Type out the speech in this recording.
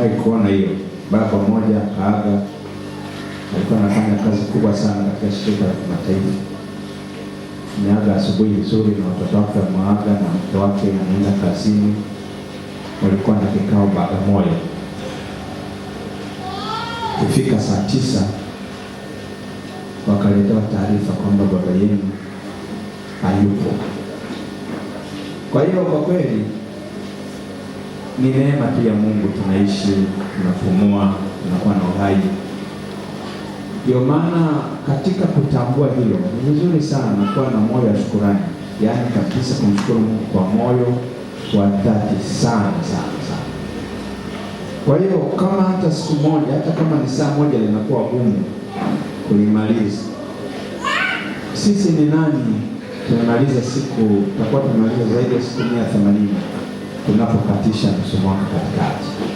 Nimewahi kuona hiyo. Baba mmoja kaaga, alikuwa anafanya kazi kubwa sana katika shirika la kimataifa. Ameaga asubuhi nzuri, na watoto wake wamewaaga, na mke wake anaenda kazini. Walikuwa na kikao Bagamoyo. Kufika saa tisa wakaletewa taarifa kwamba baba yenu hayupo. Kwa hiyo kwa kweli ni neema tu ya Mungu, tunaishi, tunapumua, tunakuwa na uhai. Ndio maana katika kutambua hilo ni vizuri sana kuwa na moyo wa shukurani, yaani kabisa kumshukuru Mungu kwa moyo wa dhati sana sana sana. Kwa hiyo kama hata siku moja, hata kama ni saa moja, linakuwa gumu kulimaliza, sisi ni nani? Tunamaliza siku, tutakuwa tumemaliza zaidi ya siku mia themanini. tunapokatisha msumari katikati